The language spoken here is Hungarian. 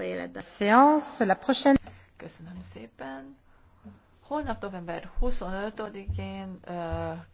politikai életben. Köszönöm szépen. Holnap november 25-én